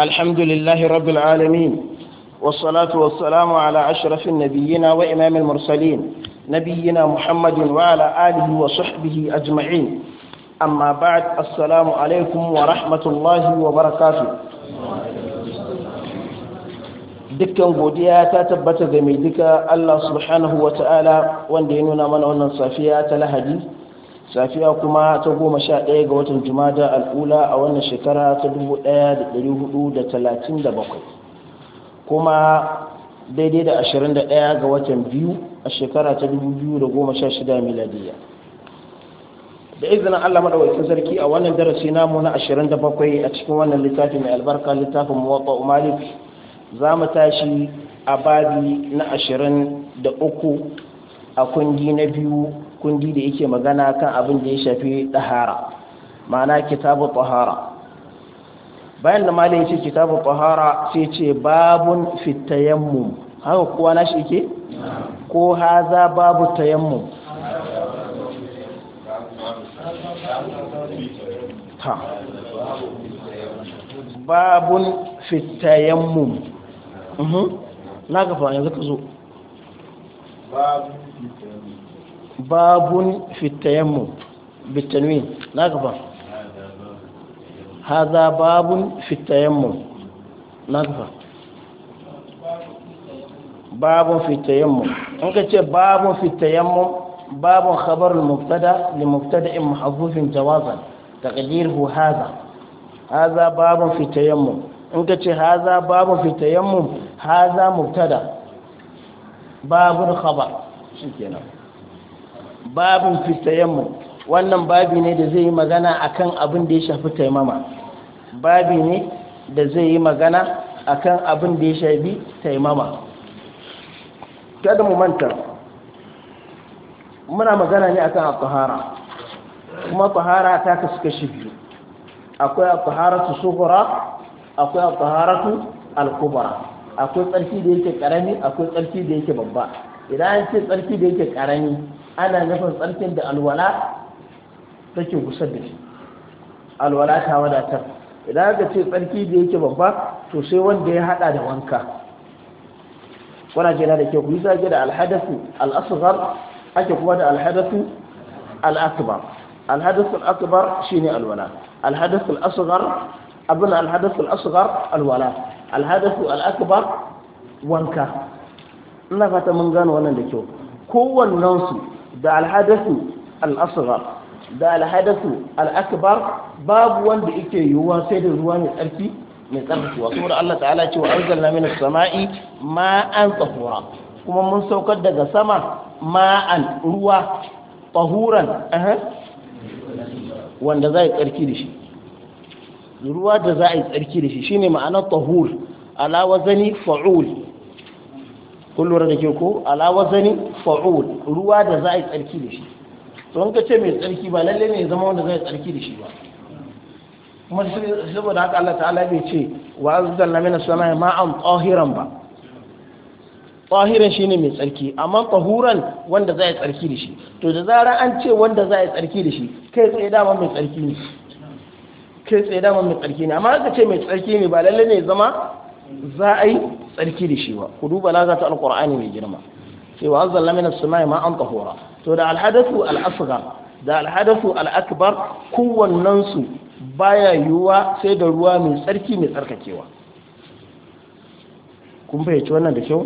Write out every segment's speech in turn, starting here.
الحمد لله رب العالمين والصلاة والسلام على أشرف النبيين وإمام المرسلين نبينا محمد وعلى آله وصحبه أجمعين أما بعد السلام عليكم ورحمة الله وبركاته dukkan godiya ta tabbata ga mai duka Allah subhanahu wa ta'ala wanda ya nuna mana wannan safiya ta lahadi safiya kuma ta goma sha ɗaya ga watan jumada al'ula a wannan shekara ta dubu ɗaya da ɗari hudu da talatin da bakwai kuma daidai da ashirin da ɗaya ga watan biyu a shekara ta dubu biyu da goma sha shida miladiya da izinin allah maɗaukakin sarki a wannan darasi namu na ashirin da bakwai a cikin wannan littafi mai albarka littafin muwaɓa malik za mu tashi a babi na ashirin da uku a kungi na biyu kundi da yake magana kan abin da ya shafi tahara ma'ana kitabu tahara bayan da malin ce kitabu tahara sai ce babun fitayammum haka kuwa na shi ke ko haza babu tayammum ta babun fitayammum mhm. na gafa yanzu ka zo babun fitayammum باب في التيمم بالتنوين لا هذا باب في التيمم لا باب في التيمم ممكن باب في التيمم باب خبر المبتدا لمبتدا محذوف جوازا تقديره هذا هذا باب في التيمم ممكن هذا باب في التيمم هذا مبتدا باب خبر شكرا babin fitayammu wannan babi ne da zai yi magana akan abin da ya shafi taimama babi ne da zai yi magana akan abin da ya shafi taimama kada mu manta muna magana ne akan al-tahara kuma tahara ta kasu kashi biyu akwai al-taharatu sughra akwai al-taharatu al-kubra akwai tsarki da yake karami akwai tsarki da yake babba idan an ce tsarki da yake karami ana nufin tsarkin da alwala take kusa da shi alwala ta wadatar idan aka ce tsarki da yake babba to sai wanda ya hada da wanka wana jina da ke kuyi zage da alhadasu al ake kuma da alhadasu al-akbar alhadasu al shi ne alwala alhadasu al abin alhadasu al alwala alhadasu al wanka ina fata mun gano wannan da kyau kowannensu da alhadasu al'asra da alhadasu al'akbar babu wanda yake yiwuwa sai da ruwa mai tsarki mai tsarkiwa saboda Allah ta'ala ce wa anzalna minas sama'i ma'an tsahura kuma mun saukar daga sama ma'an ruwa tsahuran wanda za a yi tsarki da shi ruwa da za a yi tsarki da shi shine ma'anar tahur alawazani fa'ul kullum da ke ko alawazani. sa'ud ruwa da za a yi tsarki da shi to an ka ce mai tsarki ba lalle ne ya zama wanda za a yi tsarki da shi ba kuma saboda haka Allah ta'ala bai ce wa azzalna min as ma an tahiran ba tahiran shine mai tsarki amma tahuran wanda za a yi tsarki da shi to da zarar an ce wanda za a yi tsarki da shi kai tsaye dama mai tsarki ne kai tsaye dama mai tsarki ne amma aka ce mai tsarki ne ba lalle ne ya zama za a yi tsarki da shi ba ku duba lagata alqur'ani mai girma cewa anzalna min as-sama'i an tahura to da al-hadathu al-asghar da al-hadathu al-akbar kowannen su baya yiwuwa sai da ruwa mai tsarki mai tsarkakewa kun fahimci wannan da kyau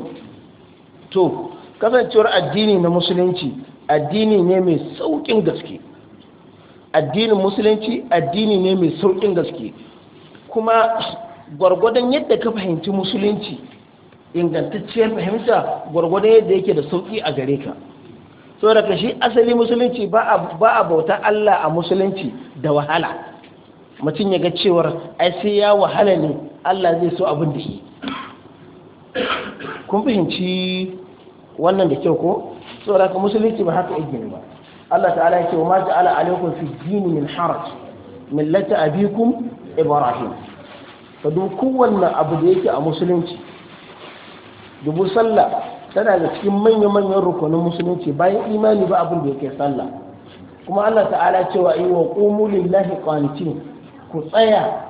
to kasancewar addini na musulunci addini ne mai saukin gaske addinin musulunci addini ne mai saukin gaske kuma gwargwadon yadda ka fahimci musulunci ingantacciyar fahimta gwargwadon yadda yake da sauki a gare ka saboda ka shi asali musulunci ba a bauta Allah a musulunci da wahala mutum ya ga cewar ai sai ya wahala ne Allah zai so abin da yi kun fahimci wannan da kyau ko saboda ka musulunci ba haka yake ba Allah ta'ala ya ce wa ma ja'ala alaikum fi jini min haraj millata abikum ibrahim ka duk kowanne abu da yake a musulunci dubu sallah tana da cikin manya-manyan rukunin musulunci bayan imani ba abin da yake sallah kuma Allah ta'ala cewa yi wa qumu lillahi qanitin ku tsaya